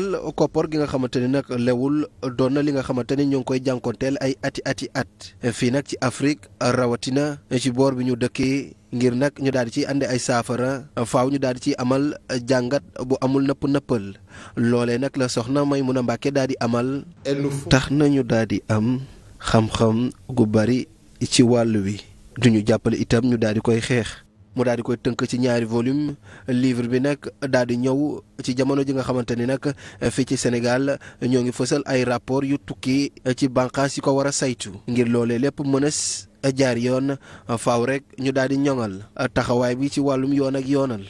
koppal koppar gi nga xamante ni nag lewul doon na li nga xamante ni ñu ngi koy jànkonteel ay ati ati at fii nag ci Afrique rawatina ci bi ñu dëkkee ngir nag ñu daal di ciy àndi ay saafara faaw ñu daal di ciy amal jàngat bu amul nëpp nëppal loole nag la soxna may a Mbàkke daal di amal. tax nañu daal di am xam-xam gu bari ci wàll wi duñu jàppale itam ñu daal di koy xeex. mu daal di koy tënk ci ñaari volume livre bi nag daal di ñëw ci jamono ji nga xamante ni nag fii ci Sénégal ñoo ngi fësal ay rapport yu tukki ci bànqaas yi ko war a saytu ngir loolee lépp mën a jaar yoon faw rek ñu daal di ñoŋal taxawaay bi ci wàllum yoon ak yoonal.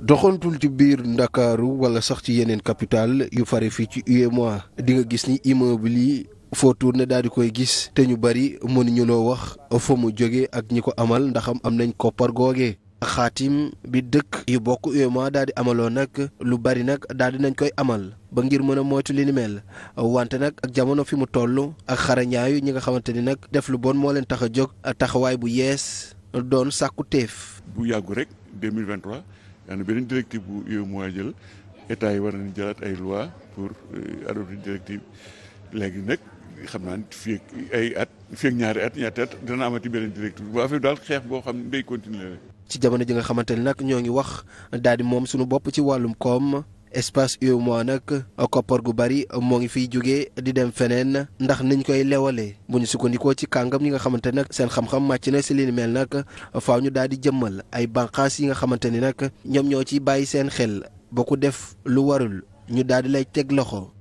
doxantul ci biir Ndakaaru walla sax ci yeneen capital yu fare fii ci e mois di nga gis ni immeuble yi foo tourné daal di koy gis te ñu bëri mënuñu loo wax fa mu jóge ak ñi ko amal ndax am nañ koppar googe xaatim bi dëkk yu bokk UEMOA daal di amaloo nag lu bari nag daal di nañ koy amal ba ngir mën a moytu li ni mel wante nag ak jamono fi mu toll ak xarañaayu ñi nga xamante ni nag def lu bon moo leen tax a jóg taxawaay bu yees doon sàkku teef. bu yàggu rek 2023 yaa na beneen directive bu UEMOA yi war nañu ay loi pour euh, adopter xam naa fii ay at fii ñaari at ñetti at dana amati beneen directeur bu affaire daal xeex boo xam ne day ci jamono ji nga xamante ne nag ñoo ngi wax daal di moom suñu bopp ci wàllum koom espace UEMOA nag koppar gu bari moo ngi fiy jóge di dem feneen ndax niñ koy lewalee bu ñu sukkandikoo ci kàngam ñi nga xamante nag seen xam-xam màcc na si li mel nag faaw ñu daal di jëmmal ay bànqaas yi nga xamante ni nag ñoom ñoo ciy bàyyi seen xel ba ku def lu warul ñu daal di lay teg loxo.